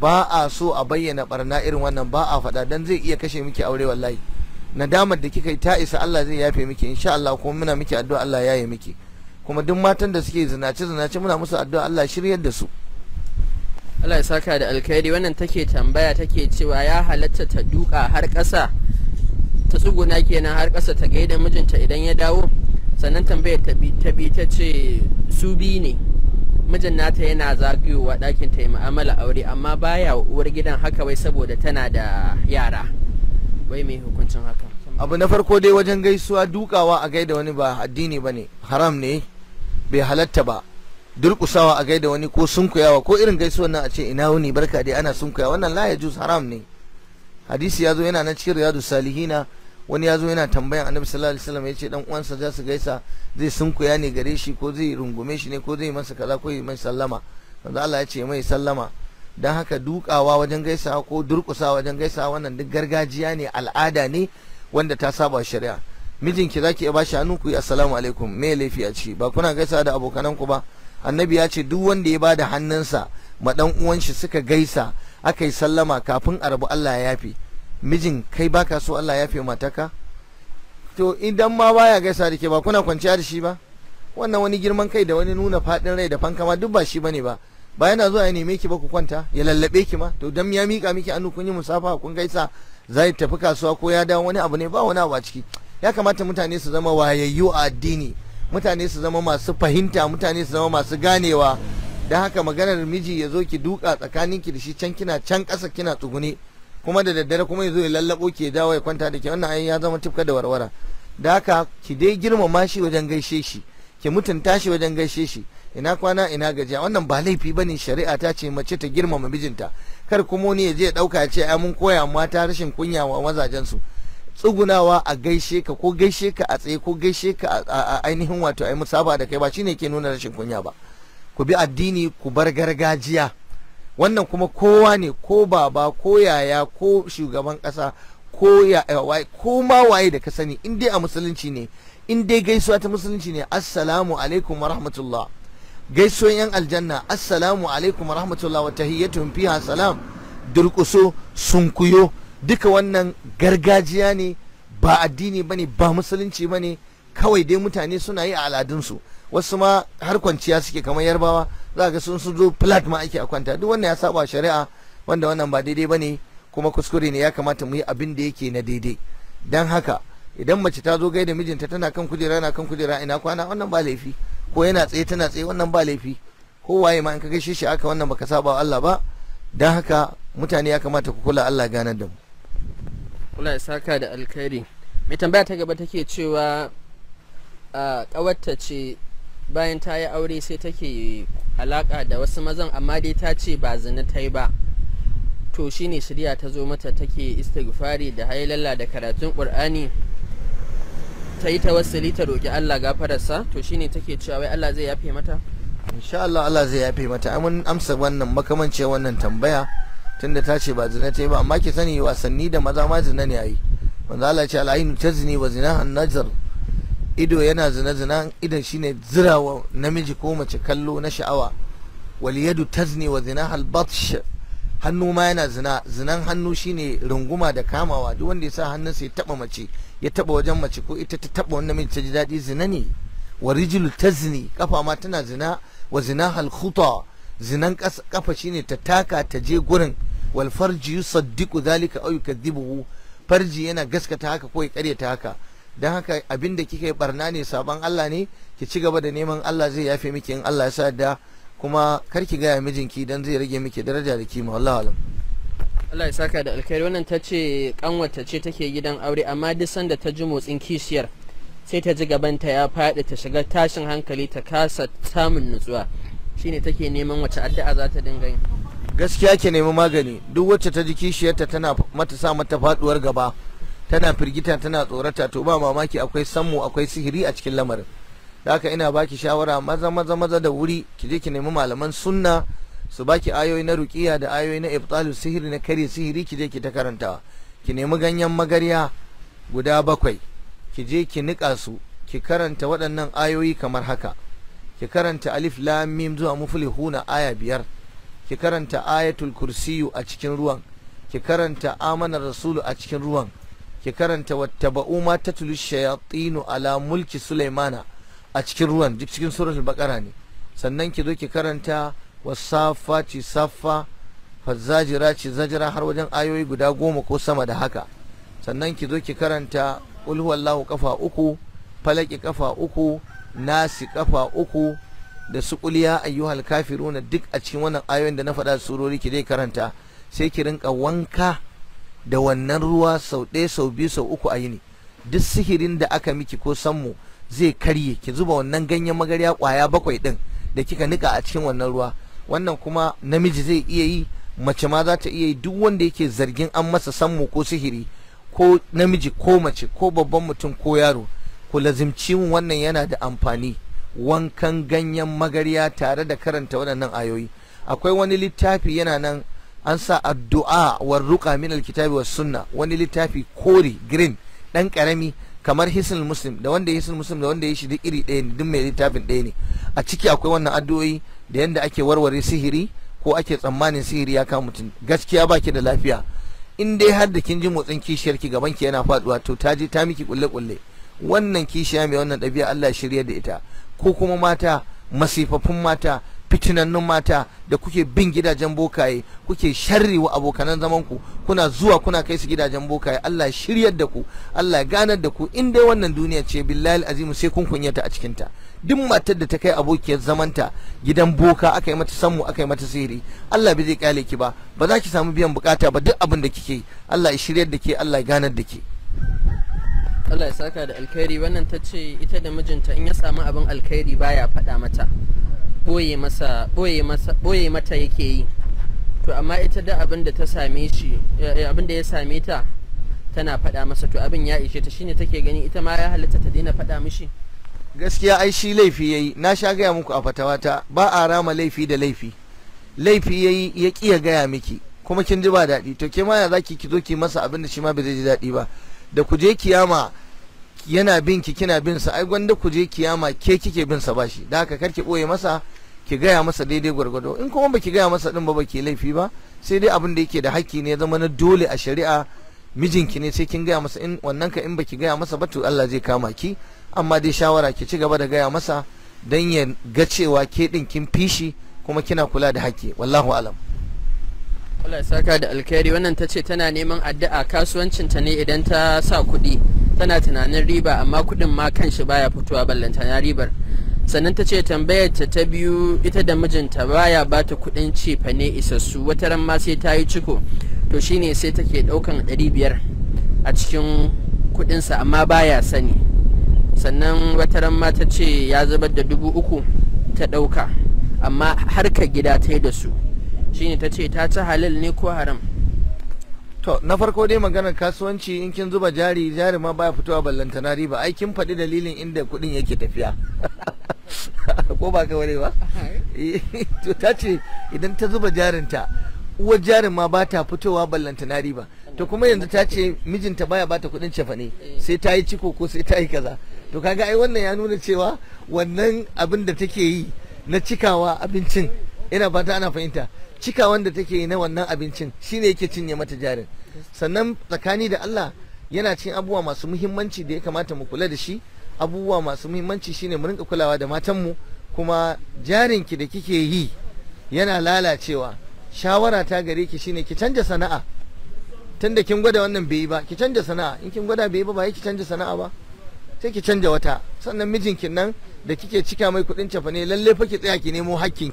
ba a so a bayyana barna irin wannan ba a faɗa dan zai iya kashe miki aure wallahi nadamar da kika yi ta isa Allah zai yafe miki insha Allah kuma muna miki addu'a Allah ya yi miki kuma duk matan da suke zinace zinace muna musu addu'a Allah shiryar da su Allah ya saka da alkhairi wannan take tambaya take cewa ya halatta ta duka har ƙasa ta tsuguna kenan har ƙasa ta gaida mijinta idan ya dawo sannan tambayar ta bi ta ce su bi ne mijin nata yana zagayowa ɗakin ta yi mu'amala aure amma baya uwar gidan haka wai saboda tana da yara wai mai hukuncin haka abu na farko dai wajen gaisuwa dukawa a gaida wani ba addini ba ne haram ne bai halatta ba durkusawa a gaida wani ko sunkuyawa ko irin gaisuwa nan a ce ina wuni barka dai ana sunkuyawa. wannan la ya haram ne hadisi ya zo yana na cikin riyadu salihina wani ya zo yana tambayan annabi sallallahu alaihi wasallam ya ce dan uwansa za su gaisa zai sunkuya ne gare shi ko zai rungume shi ne ko zai masa kaza ko yi mai sallama manzo Allah ya ce mai sallama dan haka dukawa wajen gaisawa ko durkusa wajen gaisawa wannan duk gargajiya ne al'ada ne wanda ta saba shari'a mijinki zaki ba shi hannu ku yi assalamu alaikum me laifi a ba kuna gaisa da abokanan ku ba annabi ya ce duk wanda ya bada hannunsa ma dan uwan shi suka gaisa aka sallama kafin a rabu Allah ya yafi mijin kai baka so Allah ya fi mataka to idan ma baya gaisa da ke ba kuna kwanciya da shi ba wannan wani girman kai da wani nuna faɗin rai da fanka ma duk ba shi bane ba ba yana zuwa ya neme ki ba ku kwanta ya lallabe ki ma to dan ya mika miki hannu kun yi musafa kun gaisa zai tafi kasuwa ko ya dawo wani abu ne ba wani abu a ciki ya kamata mutane su zama wayayyu a addini mutane su zama masu fahimta mutane su zama masu ganewa don haka maganar miji ya zo ki duka tsakaninki da shi can kina can ƙasa kina tsugune kuma da daddare kuma zo ya lallabo ke dawo ya kwanta da ke wannan ai ya zama tifka da warwara da haka ki dai girmama shi wajen gaishe shi ki mutunta shi wajen gaishe shi ina kwana ina gajiya wannan ba laifi bane shari'a ta ce mace ta girmama mijinta kar kuma wani ya je ya dauka ya ce ai mun koya mata rashin kunya wa mazajen su tsugunawa a gaishe ka ko gaishe ka a tsaye ko gaishe ka a ainihin wato ai musaba da kai ba shine ke nuna rashin kunya ba ku bi addini ku bar gargajiya wannan kuma kowa ne ko baba ko yaya ko shugaban kasa ko ya eh, ko ma waye da ka sani in dai a musulunci ne in dai gaisuwa ta musulunci ne assalamu alaikum wa rahmatullah gaisuwan yan aljanna assalamu alaikum wa rahmatullah wa tahiyyatuhum fiha salam durkuso sunkuyo duka wannan gargajiya ne ba addini bane ba musulunci bane kawai dai mutane suna yi a al'adunsu wasu ma har kwanciya suke kamar yarbawa za ga sun zo flat ma ake a kwanta duk wannan ya saba shari'a wanda wannan ba daidai ba ne kuma kuskure ne ya kamata mu yi abin da yake na daidai don haka idan mace ta zo gaida mijinta tana kan kujera na kan kujera ina kwana wannan ba laifi ko yana tsaye tana tsaye wannan ba laifi ko waye ma in ka gaishe shi aka wannan baka saba Allah ba don haka mutane ya kamata ku kula Allah ganar da mu kula isaka da alkhairi mai tambaya ta gaba take cewa a ce bayan ta yi aure sai take alaka da wasu mazan amma dai ta ce ba zina ta yi ba to shine shirya ta zo mata take istighfari da hailalla da karatun qur'ani ta yi tawassuli ta roki Allah gafararsa to shine take cewa wai Allah zai yafe mata insha Allah Allah zai yafe mata amin amsa wannan makamance wannan tambaya tunda ta ce ba zina ta yi ba amma ki sani wasanni da maza ma zina ne ayi manzo Allah ya ce al-ainu tazni wa zina an-najr ido yana zina-zina idan shine zirawa namiji ko mace kallo na sha'awa Waliyadu tazni wa zina halbatsh hannu ma yana zina zinan hannu shine runguma da kamawa duk wanda ya sa hannunsa ya taba mace ya taba wajen mace ko ita ta taba wani namiji ta ji daɗi zina ne wa rijlu tazni kafa ma tana zina wa zina hal zinan kafa shine ta taka ta je gurin wal farji yusaddiqu dhalika aw yukadhibuhu farji yana gaskata haka ko ya karyata haka don haka abin da kika yi barna ne sabon Allah ne ki ci gaba da neman Allah zai yafe miki in Allah ya sa da kuma kar ki gaya mijinki dan zai rage miki daraja da kima wallahi alam Allah ya saka da alkhairi wannan ta ce kanwata ce take gidan aure amma duk sanda ta ji motsin kishiyar sai ta ji gabanta ya faɗi ta shiga tashin hankali ta kasa samun nutsuwa shine take neman wace addu'a za ta dinga yi gaskiya ke nemi magani duk wacce ta ji kishiyarta tana mata sa mata faduwar gaba tana firgita tana tsorata to ba mamaki akwai sammu akwai sihiri a cikin lamarin haka ina baki shawara maza maza maza da wuri ki je ki nemi malaman sunna su baki ayoyi na ruqiya da ayoyi na ibtalu sihiri na kare sihiri ki je ki ta karanta ki nemi ganyen magarya guda bakwai ki je ki nika su ki karanta waɗannan ayoyi kamar haka ki karanta alif lam mim zuwa muflihuna aya biyar ki karanta ayatul kursiyu a cikin ruwan ki karanta amanar rasulu a cikin ruwan ki karanta ba'u ma tulu shayatinu ala mulki sulaimana a cikin ruwan duk cikin suratul bakara ne sannan ki zo ki karanta wasafati safa fazajira ci zajira har wajen ayoyi guda goma ko sama da haka sannan ki zo ki karanta qul kafa uku falaki kafa uku nasi kafa uku da su kuliya ayyuhal kafiruna duk a cikin wannan ayoyin da na faɗa surori ki dai karanta sai ki rinka wanka da wannan ruwa sau ɗaya sau biyu sau uku a yini duk sihirin da aka miki ko sanmu zai karye ki zuba wannan ganyen magarya kwaya bakwai ɗin da kika nika a cikin wannan ruwa wannan kuma namiji zai iya yi mace ma za ta iya yi duk wanda yake zargin an masa sanmu ko sihiri ko namiji ko mace ko babban mutum ko yaro ku lazimci mu wannan yana da amfani wankan ganyen magarya tare da karanta waɗannan ayoyi akwai wani littafi yana nan an sa addu'a war ruka min alkitabi was sunna wani littafi kore green dan karami kamar hisn muslim da wanda hisn muslim da wanda ya shi duk iri ɗaya ne duk mai littafin ɗaya ne a ciki akwai wannan addu'o'i da yanda ake warware sihiri ko ake tsammanin sihiri ya kama mutum gaskiya ba baki da lafiya in dai har da kin ji motsin kishiyar ki gaban ki yana faduwa to ta je ta miki kulle kulle wannan kishiya mai wannan ɗabi'a Allah shirya da ita ko kuma mata masifafin mata fitinannun mata da kuke bin gidajen bokaye kuke sharri wa abokanan zamanku kuna zuwa kuna kai su gidajen bokaye Allah shiryar da ku Allah ganar da ku in dai wannan duniya ce billahi azimu sai kun kunyata a cikin ta duk matar da ta kai abokiyar zamanta gidan boka aka yi mata sammu aka yi mata sihiri Allah bai zai kyale ki ba ba za ki samu biyan bukata ba duk abin da kike Allah ya shiryar da ke Allah ya ganar da ke Allah ya saka da alkhairi wannan ta ce ita da mijinta in ya samu abin alkhairi baya faɗa mata ɓoye masa mata yake yi to amma ita da abin da ta same shi abin da ya same ta tana faɗa masa to abin ya ishe ta shine take gani ita ma ya halitta ta daina faɗa mishi gaskiya ai shi laifi yayi na sha gaya muku a fatawata ba a rama laifi da laifi laifi yayi ya ki ya gaya miki kuma kin ji ba daɗi to ke ma ya zaki ki zo ki masa abin da shi ma bai ji daɗi ba da ku je kiyama yana bin ki kina bin sa ai gwanda ku je kiyama ke kike bin sa bashi da haka kar ki boye masa ki gaya masa daidai gwargwado in kuma baki gaya masa din ba baki laifi ba sai dai abin da yake da haƙƙi ne zama na dole a shari'a mijinki ne sai kin gaya masa in wannan ka in baki gaya masa ba to Allah zai kama ki amma dai shawara ki ci gaba da gaya masa dan ya ga cewa ke din kin fishi kuma kina kula da haƙƙi wallahu alam Allah ya saka da alkhairi wannan tace tana neman addu'a kasuwancinta ne idan ta sa kuɗi tana tunanin riba amma kudin ma kan shi baya fitowa ballanta na ribar sannan ta ce tambayar ta ta biyu ita da mijinta baya ba ta kuɗin cefa ne isassu wata ran ma sai ta yi ciko to shine sai take ɗaukan ɗari biyar a cikin kuɗinsa amma baya sani sannan wata ran ma ta ce ya zubar da dubu uku ta ɗauka amma harka gida ta yi da su shine ta ce ta ci halal ne ko haram to na farko dai maganar kasuwanci in kin zuba jari jari ma baya fitowa ballantana riba ai kin faɗi dalilin inda kuɗin yake tafiya ko ba ka ware ba to ta ce idan ta zuba jarinta uwar jarin ma ba ta fitowa ballantana riba to kuma yanzu ta ce mijinta baya bata kuɗin cefane eh. sai ta yi ciko ko sai ta yi kaza to kaga ai wannan ya nuna cewa wannan abin da take yi na cikawa abincin ina fata ana fahimta cika wanda take yi na wannan abincin shine yake cinye mata jarin sannan tsakani da Allah yana cin abubuwa masu muhimmanci da ya kamata mu kula da shi abubuwa masu muhimmanci shine mu rinka kulawa da matanmu kuma jarinki da kike yi yana lalacewa shawara ta gare ki shine ki canja sana'a da kin gwada wannan bai yi ba ki canja sana'a in kin gwada bai ba ba ki canja sana'a ba sai ki canja wata sannan mijinki nan da kike cika mai kuɗin cefane lalle fa ki tsaya ki nemo ki.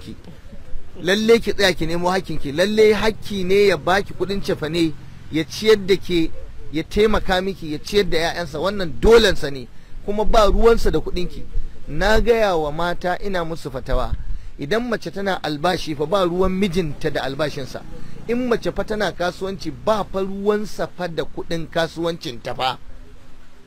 lalle ki tsaya ki nemo hakkin ki lalle hakki ne ya baki kudin cefane ya ciyar da ke ya taimaka miki ya ciyar da 'ya'yansa wannan dolensa ne kuma ba ruwansa da kudin ki na gaya wa mata ina musu fatawa idan mace tana albashi fa ba ruwan mijinta da albashinsa in mace fa tana kasuwanci ba fa ruwansa fa da kudin kasuwancin ta fa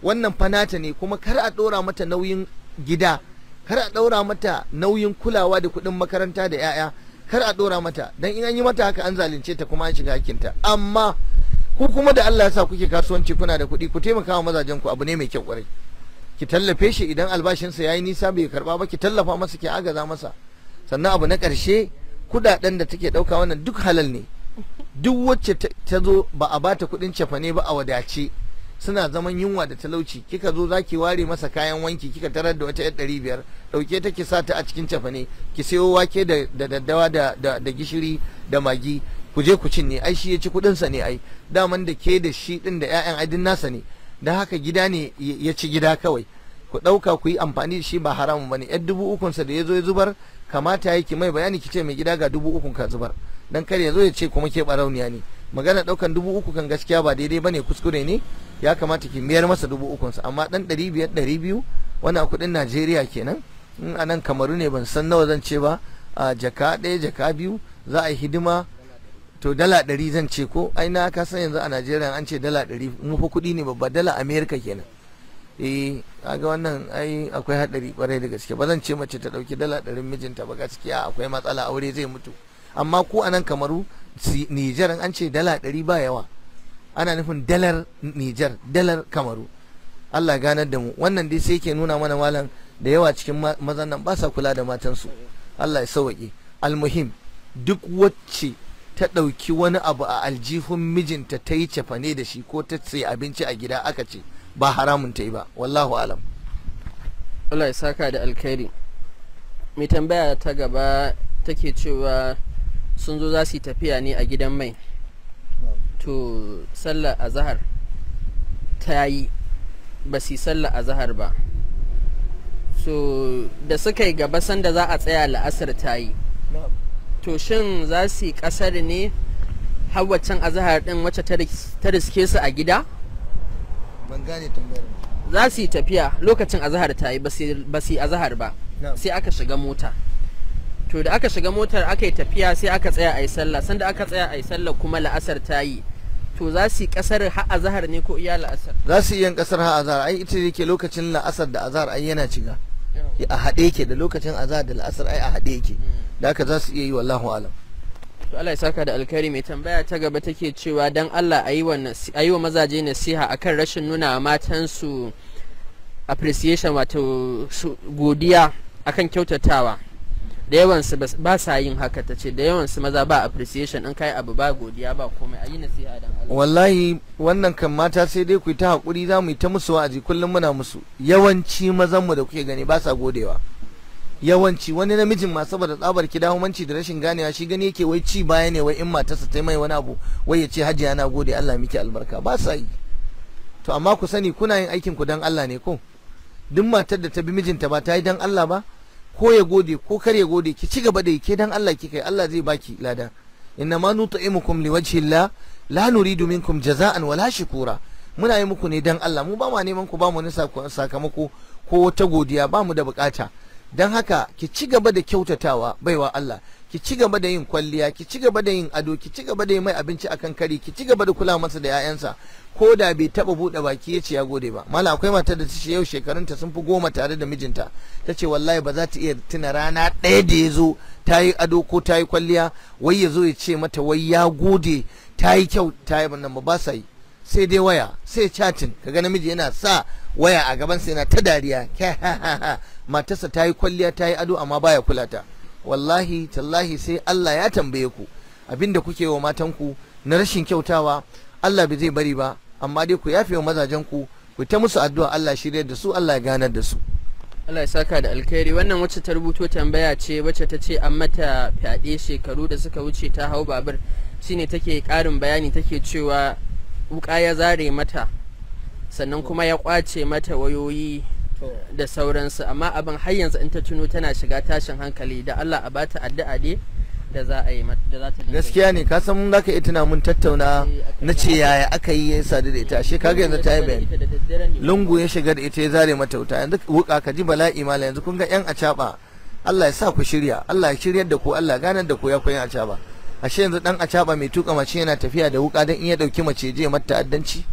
wannan fanata ne kuma kar a ɗora mata nauyin gida kar a ɗora mata nauyin kulawa da kuɗin makaranta da 'ya'ya kar a dora mata dan in an yi mata haka an zalunce ta kuma an shiga hakinta amma ku kuma da Allah ya sa kuke kasuwanci kuna da kuɗi ku taimaka wa mazajen ku abu ne mai kyau kwarai ki tallafe shi idan albashinsa ya yi nisa bai karɓa ba ki tallafa masa ki agaza masa sannan abu na ƙarshe kuɗaɗen da take ɗauka wannan duk halal ne duk wacce ta zo ba a bata kuɗin cefane ba a wadace suna zaman yunwa da talauci kika zo za ki ware masa kayan wanki kika tarar da wata yar ɗari biyar ɗauke ta ki sa ta a cikin cafane ki sayo wake da daddawa da gishiri da magi ku je ku cinye ai shi ya ci sa ne ai daman da ke da shi ɗin da 'ya'yan aidin nasa ne don haka gida ne ya ci gida kawai ku ɗauka ku yi amfani da shi ba haramun ba ne Ƴan dubu ukunsa da ya zo ya zubar kamata ya ki mai bayani ki ce mai gida ga dubu ukun ka zubar Dan kar ya zo ya ce kuma ke ɓarauniya ne magana daukan dubu uku kan gaskiya ba daidai bane kuskure ne ya kamata ki miyar masa dubu ukun sa amma dan ɗari biyar ɗari biyu wani a kuɗin Najeriya kenan in a nan kamaru ne ban san nawa zan ce ba a jaka ɗaya jaka biyu za a yi hidima to dala ɗari zan ce ko ai na ka san yanzu a Najeriya an ce dala ɗari mu fa kuɗi ne babba dala Amerika kenan eh kaga wannan ai akwai hadari kwarai da gaske ba zan ce mace ta ɗauki dala ɗarin mijinta ba gaskiya akwai matsala aure zai mutu amma ko nan kamaru Nijar an ce dala ɗari ba yawa ana nufin dalar Nijar dalar Kamaru Allah ganar da mu wannan dai sai ke nuna mana malam da yawa cikin mazan nan ba sa kula da matansu Allah ya sauwaƙe almuhim duk wacce ta ɗauki wani abu a aljihun mijinta ta yi cefane da shi ko ta sai abinci a gida aka ce ba haramun ta yi ba wallahu alam Allah ya saka alkhairi mai tambaya ta gaba take cewa sun zo za su yi tafiya ne a gidan mai to sallar azahar ta yi ba su yi sallar azahar ba so da suka yi gaba sanda za a tsaya la'asar ta yi to shin za su yi kasar ne hawacin azahar din wacce ta riske su a gida ban gane tambayar za su yi tafiya lokacin azahar ta yi ba su yi azahar ba sai aka shiga mota to da aka shiga motar aka yi tafiya sai aka tsaya a yi sallah sanda aka tsaya a yi sallah kuma la'asar ta yi to za su yi kasar ha'a zahar ne ko iya la'asar za su yi yan kasar ha'a zahar ai ita ke lokacin la'asar da azahar ai yana ciga a haɗe ke da lokacin azahar da la'asar ai a haɗe ke mm. da haka za su iya yi wallahu alam to Allah ya saka da alkari mai tambaya ta gaba take cewa dan Allah ayi wa mazaje nasiha akan rashin nuna matansu appreciation wato godiya akan kyautatawa da yawansu ba sa yin haka ta ce da yawansu maza ba appreciation in kai abu ba godiya ba komai a yi nasiha dan Allah wallahi wannan kan mata sai dai ku yi ta hakuri za mu yi ta musu wa'azi kullum muna musu yawanci mazan mu da kuke gani ba sa godewa yawanci wani namijin ma saboda tsabar kidahumanci da rashin ganewa shi gani yake wai ci baya ne wai in matarsa ta mai wani abu wai ya ce hajiya na gode Allah miki albarka ba sa yi to amma ku sani kuna yin aikin ku dan Allah ne ko duk matar da ta bi mijinta ba ta yi dan Allah ba ko ya gode ko kar ya gode ki ci gaba da ke dan Allah ki Allah zai baki lada inna ma nut'imukum liwajhi Allah la nuridu minkum jaza'an wala shukura muna yi muku ne dan Allah mu ba ma neman ku ba mu sakamako ko wata godiya ba mu da bukata dan haka ki ci gaba da kyautatawa baiwa Allah ki ci gaba da yin kwalliya ki ci gaba da yin ado ki ci gaba da yin mai abinci akan kari ki ci gaba da kula masa da 'ya'yansa ko da bai taba buɗe baki ya ce ya gode ba mala akwai matar da ta ce yau shekarunta sun fi goma tare da mijinta ta ce wallahi ba za ta iya tuna rana ɗaya da ya zo ta yi ado ko ta yi kwalliya wai ya zo ya ce mata wai ya gode ta yi kyau ta yi ba ba sa yi sai dai waya sai chatin kaga namiji yana sa waya a gaban sa yana ta dariya matarsa ta yi kwalliya ta yi ado amma baya kula ta wallahi tallahi sai Allah ya tambaye ku abinda kuke wa matanku na rashin kyautawa Allah bai zai bari ba amma dai ku yafe wa mazajen ku ku ta musu addu'a Allah shirya da su Allah ya ganar da su Allah ya saka da alkhairi wannan wacce ta rubuto tambaya ce wacce ta ce an mata fyaɗe shekaru da suka wuce ta hau babur shine take ƙarin bayani take cewa wuka ya zare mata sannan kuma ya kwace mata wayoyi da sauransu amma abin har yanzu in ta tuno tana shiga tashin hankali da Allah a bata addu'a dai da za a yi da za gaskiya ne ka san zaka yi tuna mun tattauna eh, na ce yaya aka yi ya sadu da ita ashe kaga yanzu ta yi bayani lungu ya shiga da ita ya zare mata wuta yanzu wuka ka ji bala'i mala yanzu kun ga yan acaba Allah ya sa ku shirya Allah ya shiryar da ku Allah ganar da ku ya koyan acaba ashe yanzu dan acaba mai tuka mace yana tafiya da wuka dan in ya dauki mace je mata ta'addanci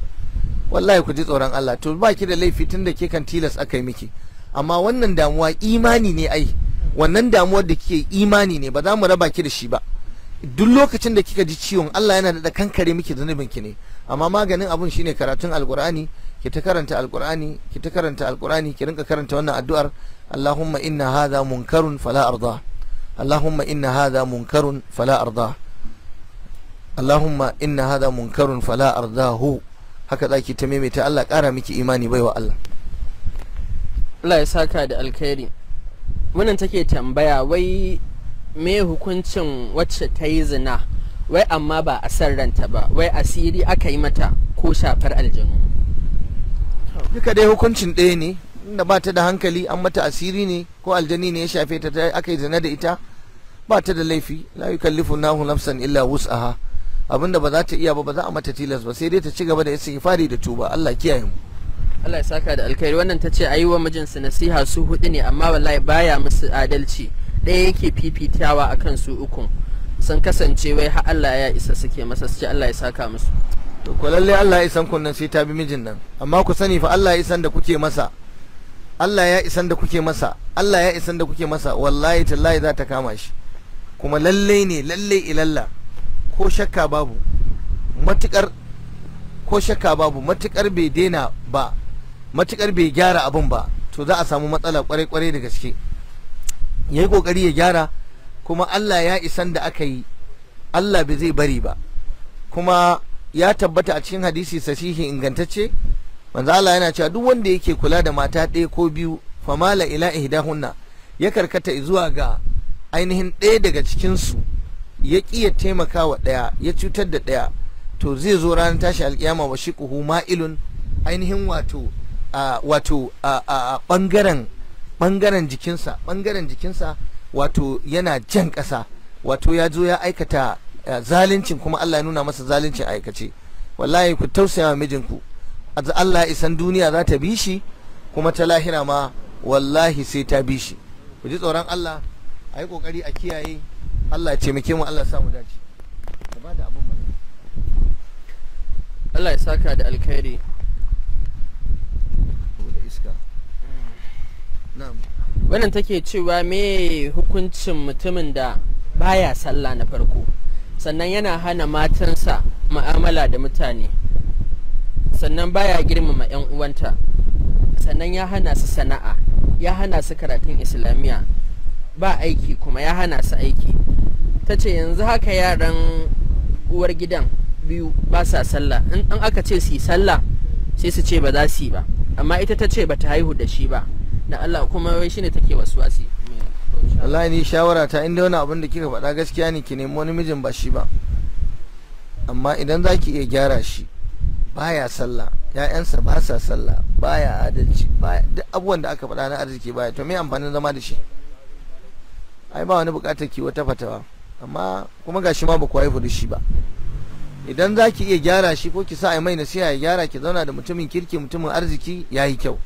wallahi ku ji tsoron Allah to ba ki da laifi tun da ke kan tilas aka yi miki amma wannan damuwa imani ne ai wannan damuwar da kike imani ne ba za mu raba ki da shi ba duk lokacin da kika ji ciwon Allah yana da kankare miki zunubin ki ne amma maganin abun shine karatun alqur'ani ki ta karanta alqur'ani ki ta karanta alqur'ani ki rinka karanta wannan addu'ar Allahumma inna hadha munkarun fala arda Allahumma inna hadha munkarun fala arda Allahumma inna hadha munkarun fala ardahu haka zaki ta maimaita Allah kara miki imani baiwa Allah Allah ya saka da alkhairi wannan take tambaya wai me hukuncin wacce ta yi zina wai amma ba a san ranta ba wai asiri aka yi mata ko shafar aljanu duka dai hukuncin ɗaya ne inda ba ta da hankali an mata asiri ne ko aljani ne ya shafe ta aka yi zina da ita ba ta da laifi la yukallifu nahu nafsan illa wus'aha abinda ba za ta iya ba ba za a mata tilas ba sai dai ta ci gaba da istighfari da tuba Allah kiyaye mu Allah ya saka da alkhairi wannan ta ce ayi wa mijinsu nasiha su hudu ne amma wallahi baya musu adalci ɗaya yake fifitawa akan su ukun sun kasance wai har Allah ya isa suke masa su ce Allah ya saka musu to ko lalle Allah ya isan kun nan sai ta bi mijin nan amma ku sani fa Allah ya isan da kuke masa Allah ya isan da kuke masa Allah ya isan da kuke masa wallahi tallahi za ta kama shi kuma lalle ne lalle ilalla ko shakka babu matukar ko shakka babu matukar bai daina ba matukar bai gyara abin ba to za a samu matsala kwarai kwarai da gaske yayi kokari ya gyara kuma Allah ya isan da aka yi Allah bai zai bari ba kuma ya tabbata a cikin hadisi sahihi ingantacce manzo Allah yana cewa duk wanda yake kula da mata ɗaya ko biyu famala ila ihdahunna ya karkata zuwa ga ainihin ɗaya daga cikin su ya kiya ya taimaka wa ɗaya ya cutar da ɗaya to zai zo ranar tashi alkiyama wa shiquhu ma'ilun ainihin wato wato ɓangaren jikinsa ɓangaren jikinsa wato yana jan ƙasa wato ya zo ya aikata zalincin kuma Allah ya nuna masa zalincin aikace wallahi ku tausaya wa mijinku Allah isan duniya za ta bi shi kuma ta lahira ma wallahi sai ta bi shi ku ji tsoron Allah a yi kokari a kiyaye Allah ya taimake mu Allah samu dace Allah ya saka da alkhairi wannan take cewa me hukuncin mutumin da baya sallah na farko sannan yana hana matansa ma'amala da mutane sannan baya girmama 'yan uwanta sannan ya hana su sana'a ya hana su karatun islamiyya ba aiki kuma ya hana su aiki ta ce yanzu haka yaran uwar gidan biyu ba sa sallah in aka ce su yi sallah sai su ce ba za su yi ba amma ita ta ce ba ta haihu da shi ba da Allah kuma wai shine take waswasi wallahi ni shawara ta inda wani abin da kika faɗa gaskiya ne ki nemi wani mijin ba shi ba amma idan za ki iya gyara shi baya sallah ya'yansa ba sa sallah baya adalci duk abubuwan da aka faɗa na arziki baya to me amfanin zama da shi ai ba wani buƙatar ki wata fatawa amma kuma gashi ma ba ku haifu da shi ba idan za ki iya gyara shi ko ki sa ai mai nasiha ya gyara ki zauna da mutumin kirki mutumin arziki ya yi kyau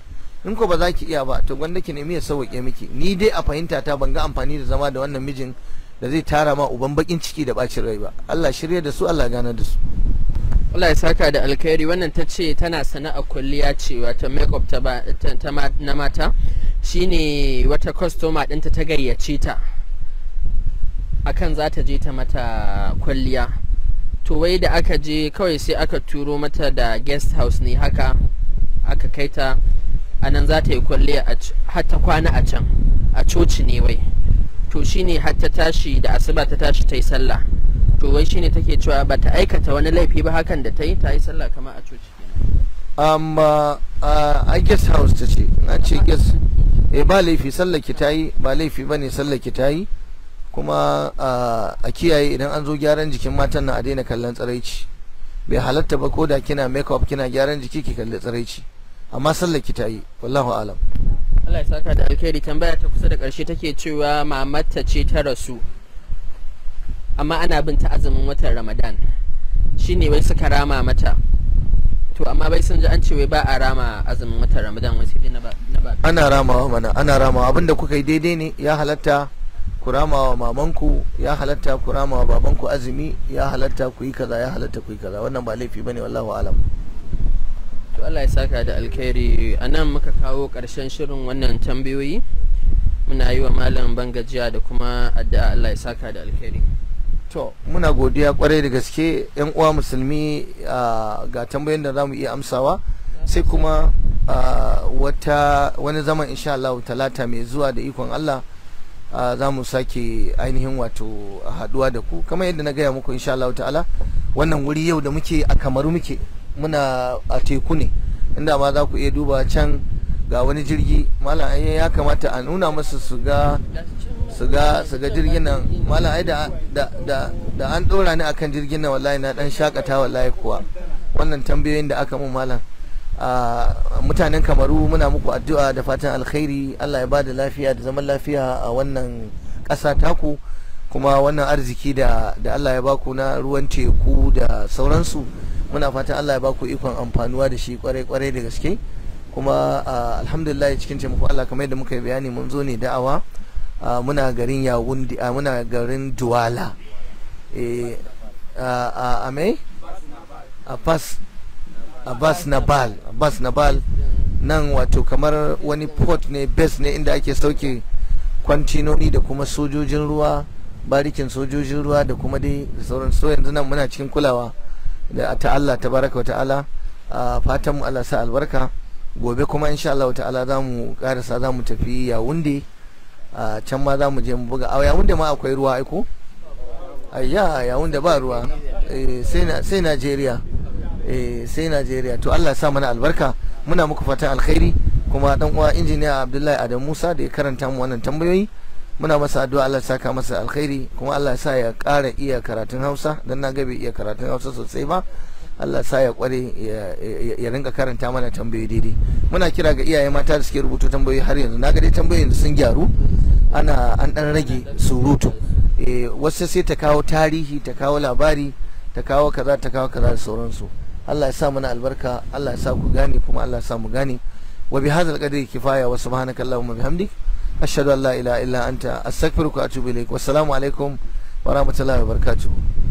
in ko ba za ki iya ba to gwanda ki nemi ya sauke miki ni dai a fahimta ta ban ga amfani da zama da wannan mijin da zai tara ma uban bakin ciki da bacin rai ba Allah shirya da su Allah gana da su Allah ya saka da alkhairi wannan ta ce tana sana'a kulliya ce wato makeup ta, na mata shine wata kwastoma dinta ta gayyace ta akan za ta je ta mata kwalliya to wai da aka je kawai sai aka turo mata da guest house ne haka aka kai ta a nan za ta yi kwalliya har ta kwana a can a coci ne wai to shine har ta tashi da asuba ta tashi ta yi sallah to wai shine take cewa ba ta aikata wani laifi ba hakan da ta yi ta yi sallah kama a coci amma a guest house ta ce na ce guest e eh, ba laifi sallah ki ta yi ba laifi ba ne sallah ki ta yi kuma uh, a kiyaye idan an zo gyaran jikin matan na a daina kallon tsaraici bai halatta ba ko da kina make up kina gyaran jiki ki kalli tsaraici. amma sallar ki ta yi wallahu alam Allah ya saka da alkhairi tambaya ta kusa da ƙarshe take cewa mamatta ce ta rasu amma ana bin ta azumin watan Ramadan shine wai suka rama mata to amma bai sun ji an ce wai ba a rama azumin watan Ramadan wai sai na ba ana ramawa mana ana ramawa abinda kuka yi daidai ne ya halatta ku ramawa mamanku ya halatta ku ramawa babanku azumi ya halatta ku yi kaza ya halatta ku yi kaza wannan ba laifi bane wallahu alam to Allah ya saka da alkhairi a nan muka kawo ƙarshen shirin wannan tambayoyi muna yi wa malam bangajiya da kuma addu'a Allah ya saka da alkhairi to muna godiya kwarai da gaske yan uwa musulmi ga tambayoyin da zamu iya amsawa sai kuma wata wani zaman insha Allah talata mai zuwa da ikon Allah za mu sake ainihin wato haduwa da ku kamar yadda na gaya muku insha Allah ta'ala wannan wuri yau da muke a kamaru muke muna a teku ne inda ma za ku iya duba can ga wani jirgi malam ai ya kamata a nuna musu su ga su ga su ga jirgin nan malam ai da da da an dora ni akan jirgin nan wallahi na dan shakata wallahi kuwa wannan tambayoyin da aka mun malam mutanen kamaru muna muku addu'a da fatan alkhairi Allah ya bada lafiya da zaman lafiya a wannan ƙasa taku kuma wannan arziki da Allah ya baku na ruwan teku da sauransu muna fatan Allah ya ba ku ikon amfanuwa da shi kwarai kwarai da gaske kuma alhamdulillah cikin muku Allah kamar yadda muka yi bayani mun zo ne da'awa muna garin yawundi muna garin duwala eh, a mai abbas abbas nabal abbas nabal nan wato kamar wani port ne base ne inda ake sauke kwantinoni da kuma sojojin ruwa barikin sojojin ruwa da kuma dai sauran so yanzu nan muna cikin kulawa da ta Allah ta baraka wa ta'ala fatan mu Allah sa albarka gobe kuma insha Allah ta'ala za mu karasa za mu tafi yawunde can ma za mu je mu buga a yawunde ma akwai ruwa aiko ayya yawunde ba ruwa eh, sai Najeriya eh, sai Najeriya to Allah sa mana albarka muna muku fatan alkhairi kuma dan uwa injiniya Abdullahi Adam Musa da ya karanta mu wannan tambayoyi muna masa addu'a Allah ya saka masa alkhairi kuma Allah ya sa ya ƙara iya karatun Hausa dan na ga iya karatun Hausa sosai ba Allah sa ya kware ya ringa karanta mana tambayoyi daidai muna kira ga iyaye mata da suke rubuta tambayoyi har yanzu na ga dai tambayoyin sun gyaru ana an dan rage surutu eh, wasu sai ta kawo tarihi ta kawo labari ta kawo kaza ta kawo kaza da sauransu Allah ya sa mana albarka Allah ya sa ku gane kuma Allah ya sa mu gane wa bi hadzal qadri kifaya wa subhanakallahumma bihamdika ashhadu an la ilaha illa anta astaghfiruka wa atubu ilaik wassalamu alaikum wa rahmatullahi wa barakatuh